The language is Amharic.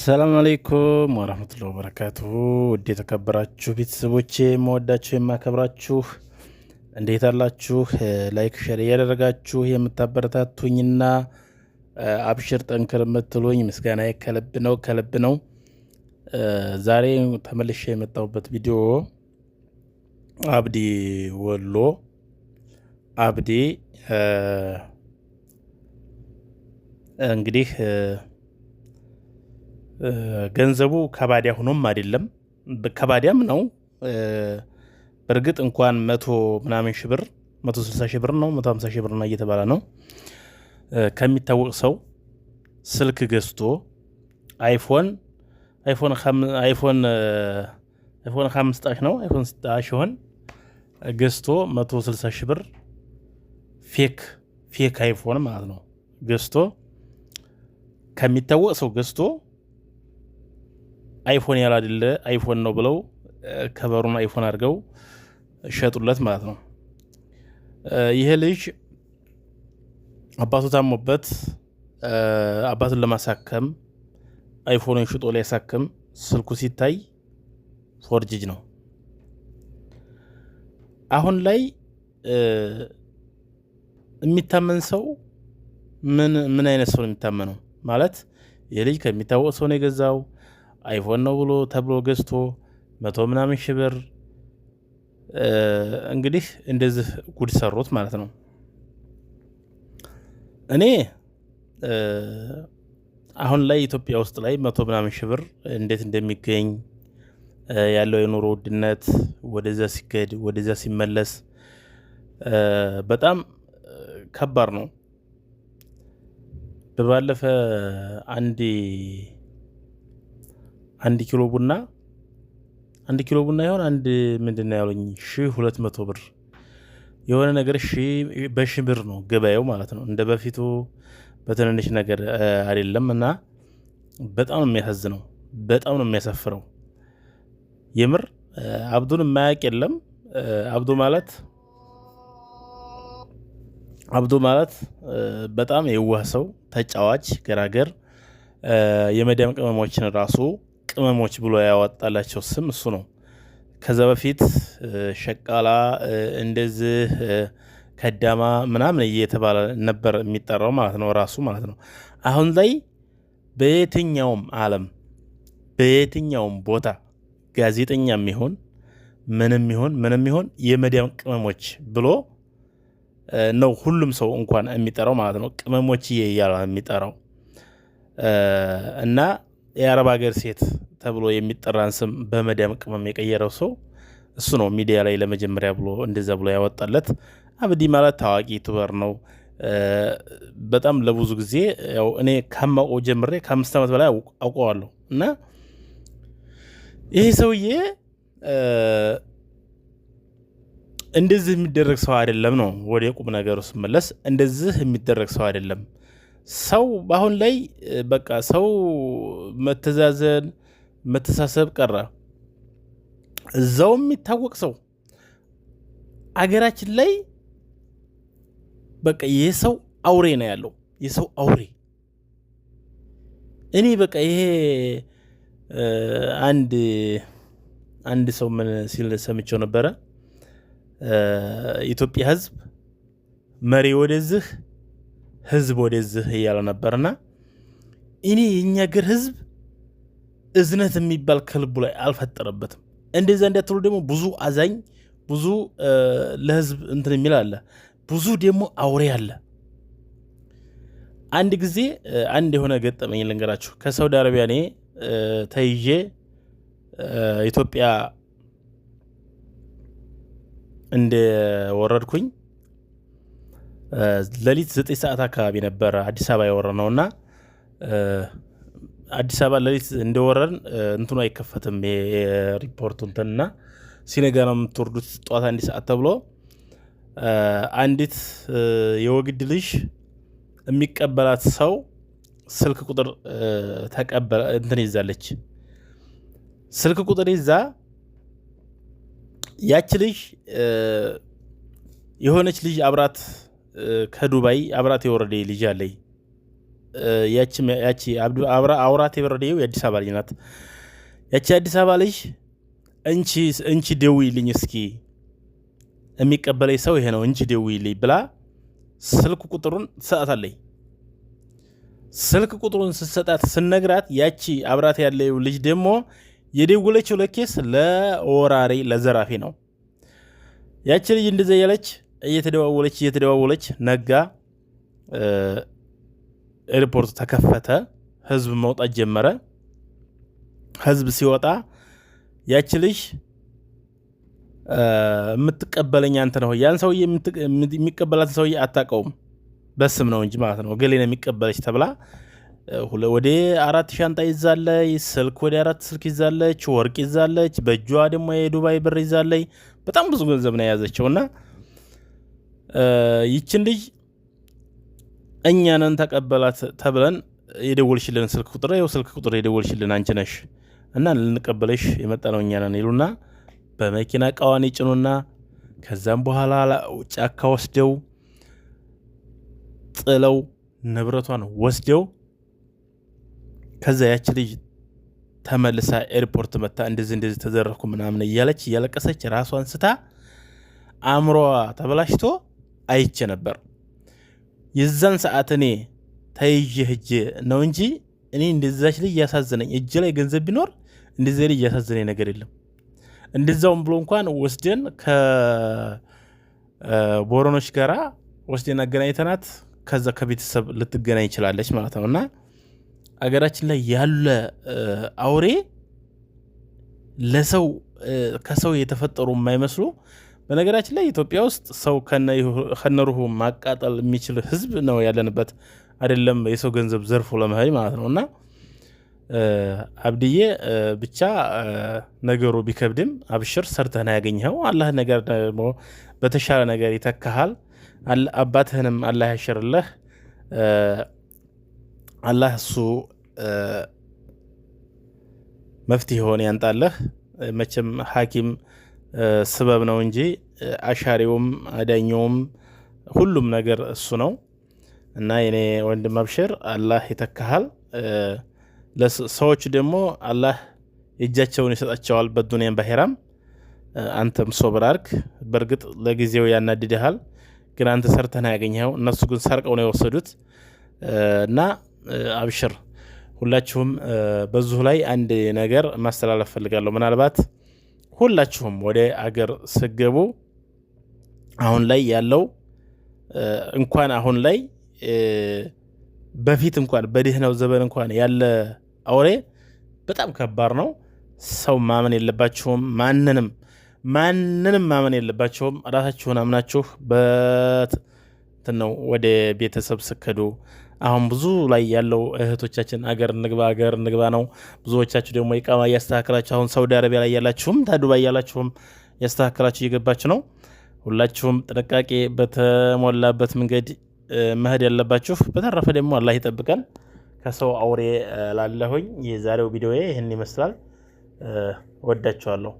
ሰላም አለይኩም ወረህመቱላሂ ወበረካቱሁ ውድ የተከበራችሁ ቤተሰቦቼ የምወዳችሁ የማከብራችሁ እንዴት አላችሁ? ላይክ ሸር እያደረጋችሁ የምታበረታቱኝና አብሽር ጠንክር የምትሉኝ ምስጋና ከልብ ነው ከልብ ነው። ዛሬ ተመልሼ የመጣሁበት ቪዲዮ አብዲ ወሎ አብዲ እንግዲህ ገንዘቡ ከባዲያ ሆኖም አይደለም፣ ከባዲያም ነው። በእርግጥ እንኳን መቶ ምናምን ሺህ ብር መቶ ሺህ ብር ነው መቶ ሀምሳ ሺህ ብር ነው እየተባለ ነው ከሚታወቅ ሰው ስልክ ገዝቶ አይፎን አይፎን አይፎን አይፎን ከአምስጣሽ ነው አይፎን ስጣሽ ይሆን ገዝቶ 160 ሺህ ብር ፌክ ፌክ አይፎን ማለት ነው ገዝቶ ከሚታወቅ ሰው ገዝቶ አይፎን ያላደለ አይፎን ነው ብለው ከበሩን አይፎን አድርገው ሸጡለት ማለት ነው። ይሄ ልጅ አባቱ ታሞበት አባቱን ለማሳከም አይፎኑን ሽጦ ሊያሳክም ስልኩ ሲታይ ፎርጅጅ ነው። አሁን ላይ የሚታመን ሰው ምን ምን አይነት ሰው ነው የሚታመነው? ማለት ይህ ልጅ ከሚታወቅ ሰው ነው የገዛው አይፎን ነው ብሎ ተብሎ ገዝቶ መቶ ምናምን ሺህ ብር እንግዲህ እንደዚህ ጉድ ሰሩት ማለት ነው። እኔ አሁን ላይ ኢትዮጵያ ውስጥ ላይ መቶ ምናምን ሺህ ብር እንዴት እንደሚገኝ ያለው የኑሮ ውድነት ወደዚያ ሲገድ ወደዚያ ሲመለስ በጣም ከባድ ነው። በባለፈ አንድ አንድ ኪሎ ቡና አንድ ኪሎ ቡና ይሆን አንድ ምንድን ነው ያሉኝ ሺህ ሁለት መቶ ብር የሆነ ነገር በሺ ብር ነው ገበያው ማለት ነው። እንደ በፊቱ በትንንሽ ነገር አይደለም እና በጣም ነው የሚያሳዝነው። በጣም ነው የሚያሳፍረው። የምር አብዱን የማያቅ የለም። አብዱ ማለት አብዱ ማለት በጣም የዋህ ሰው፣ ተጫዋች፣ ገራገር የመዳም ቅመሞችን ራሱ ቅመሞች ብሎ ያወጣላቸው ስም እሱ ነው። ከዛ በፊት ሸቃላ እንደዚህ ከዳማ ምናምን እየተባለ ነበር የሚጠራው ማለት ነው ራሱ ማለት ነው። አሁን ላይ በየትኛውም ዓለም በየትኛውም ቦታ ጋዜጠኛ የሚሆን ምንም ይሆን ምንም ይሆን የመዲያም ቅመሞች ብሎ ነው ሁሉም ሰው እንኳን የሚጠራው ማለት ነው። ቅመሞች እያለ የሚጠራው እና የአረብ ሀገር ሴት ተብሎ የሚጠራን ስም በመዳም ቅመም የቀየረው ሰው እሱ ነው። ሚዲያ ላይ ለመጀመሪያ ብሎ እንደዛ ብሎ ያወጣለት አብዲ ማለት ታዋቂ ዩቱበር ነው። በጣም ለብዙ ጊዜ ያው እኔ ከማውቀው ጀምሬ ከአምስት ዓመት በላይ አውቀዋለሁ እና ይሄ ሰውዬ እንደዚህ የሚደረግ ሰው አይደለም ነው። ወደ ቁም ነገሩ ስመለስ እንደዚህ የሚደረግ ሰው አይደለም። ሰው አሁን ላይ በቃ ሰው መተዛዘን፣ መተሳሰብ ቀረ። እዛውም የሚታወቅ ሰው አገራችን ላይ በቃ የሰው አውሬ ነው ያለው። የሰው አውሬ እኔ በቃ ይሄ አንድ አንድ ሰው ምን ሲል ሰምቼው ነበረ ኢትዮጵያ ሕዝብ መሪ ወደዚህ ህዝብ ወደዚህ እያለ ነበርና እኔ የእኛ አገር ህዝብ እዝነት የሚባል ከልቡ ላይ አልፈጠረበትም። እንደዛ እንዳትሉ ደግሞ ብዙ አዛኝ ብዙ ለህዝብ እንትን የሚል አለ፣ ብዙ ደግሞ አውሬ አለ። አንድ ጊዜ አንድ የሆነ ገጠመኝ ልንገራችሁ። ከሳውዲ አረቢያ እኔ ተይዤ ኢትዮጵያ እንደወረድኩኝ ሌሊት ዘጠኝ ሰዓት አካባቢ ነበረ አዲስ አበባ ነው እና አዲስ አበባ ሌሊት እንደወረን እንትኑ አይከፈትም የሪፖርቱ እንትንና ሲነጋ ነው የምትወርዱት ጠዋት አንድ ሰዓት ተብሎ አንዲት የወግድ ልጅ የሚቀበላት ሰው ስልክ ቁጥር ተቀበለ እንትን ይዛለች። ስልክ ቁጥር ይዛ ያች ልጅ የሆነች ልጅ አብራት ከዱባይ አብራት የወረደ ልጅ አለኝ። ያቺ አብራት የወረደው የአዲስ አበባ ልጅ ናት። ያቺ አዲስ አበባ ልጅ እንቺ ደውዪልኝ እስኪ የሚቀበለኝ ሰው ይሄ ነው እንቺ ደውዪልኝ ብላ ስልክ ቁጥሩን ትሰጣታለች። ስልክ ቁጥሩን ስትሰጣት ስነግራት ያቺ አብራት ያለው ልጅ ደግሞ የደውለችው ለኬስ ለወራሪ ለዘራፊ ነው። ያቺ ልጅ እንደዚያ ያለች እየተደዋወለች እየተደዋወለች ነጋ፣ ኤርፖርት ተከፈተ፣ ህዝብ መውጣት ጀመረ። ህዝብ ሲወጣ ያች ልጅ የምትቀበለኝ አንተ ነው። ያን ሰውዬ የሚቀበላትን ሰውዬ አታውቀውም፣ በስም ነው እንጂ ማለት ነው። ገሌ ነው የሚቀበለች ተብላ ወደ አራት ሻንጣ ይዛለይ፣ ስልክ ወደ አራት ስልክ ይዛለች፣ ወርቅ ይዛለች፣ በእጇ ደግሞ የዱባይ ብር ይዛለይ። በጣም ብዙ ገንዘብ ነው የያዘችው እና ይችን ልጅ እኛንን ተቀበላት ተብለን የደወልሽልን ስልክ ቁጥር ይኸው ስልክ ቁጥር የደወልሽልን አንቺ ነሽ እና ልንቀበለሽ የመጣ ነው እኛንን ይሉና በመኪና እቃዋን ይጭኑና ከዛም በኋላ ጫካ ወስደው ጥለው ንብረቷን ወስደው ከዛ ያች ልጅ ተመልሳ ኤርፖርት መታ እንደዚህ እንደዚህ ተዘረፍኩ ምናምን እያለች እያለቀሰች ራሷን ስታ አእምሮዋ ተበላሽቶ አይቼ ነበር። የዛን ሰዓት እኔ ተይዤ ህጅ ነው እንጂ እኔ እንደዛች ልጅ እያሳዝነኝ እጅ ላይ ገንዘብ ቢኖር እንደዚ ልጅ እያሳዝነኝ ነገር የለም። እንደዛውም ብሎ እንኳን ወስደን ከቦረኖች ጋራ ወስደን አገናኝተናት ከዛ ከቤተሰብ ልትገናኝ ይችላለች ማለት ነው እና አገራችን ላይ ያለ አውሬ ለሰው ከሰው የተፈጠሩ የማይመስሉ በነገራችን ላይ ኢትዮጵያ ውስጥ ሰው ከነሩሁ ማቃጠል የሚችል ህዝብ ነው ያለንበት፣ አይደለም የሰው ገንዘብ ዘርፎ ለመሄድ ማለት ነው። እና አብድዬ ብቻ ነገሩ ቢከብድም አብሽር፣ ሰርተህን ያገኘኸው አላህ ነገር ደግሞ በተሻለ ነገር ይተካሃል። አባትህንም አላህ ያሽርለህ። አላህ እሱ መፍትሄ ሆን ያንጣለህ። መቼም ሐኪም ስበብ ነው እንጂ አሻሪውም አዳኘውም ሁሉም ነገር እሱ ነው እና የኔ ወንድም አብሽር አላህ ይተካሃል። ሰዎች ደግሞ አላህ እጃቸውን ይሰጣቸዋል በዱንያም ባሄራም። አንተም ሶብር አርግ። በእርግጥ ለጊዜው ያናድድሃል፣ ግን አንተ ሰርተን ያገኘኸው እነሱ ግን ሰርቀው ነው የወሰዱት። እና አብሽር ሁላችሁም በዙ ላይ አንድ ነገር ማስተላለፍ ፈልጋለሁ ምናልባት ሁላችሁም ወደ አገር ስገቡ አሁን ላይ ያለው እንኳን አሁን ላይ በፊት እንኳን በድህነው ዘመን እንኳን ያለ አውሬ በጣም ከባድ ነው። ሰው ማመን የለባችሁም። ማንንም ማንንም ማመን የለባችሁም። ራሳችሁን አምናችሁ በት ነው ወደ ቤተሰብ ስከዱ አሁን ብዙ ላይ ያለው እህቶቻችን አገር እንግባ አገር እንግባ ነው። ብዙዎቻችሁ ደግሞ ኢቃማ እያስተካከላችሁ አሁን ሳውዲ አረቢያ ላይ ያላችሁም ታዱባይ ያላችሁም እያስተካከላችሁ እየገባችሁ ነው። ሁላችሁም ጥንቃቄ በተሞላበት መንገድ መሄድ ያለባችሁ። በተረፈ ደግሞ አላህ ይጠብቀን ከሰው አውሬ ላለሁኝ። የዛሬው ቪዲዮ ይህን ይመስላል። ወዳችኋለሁ።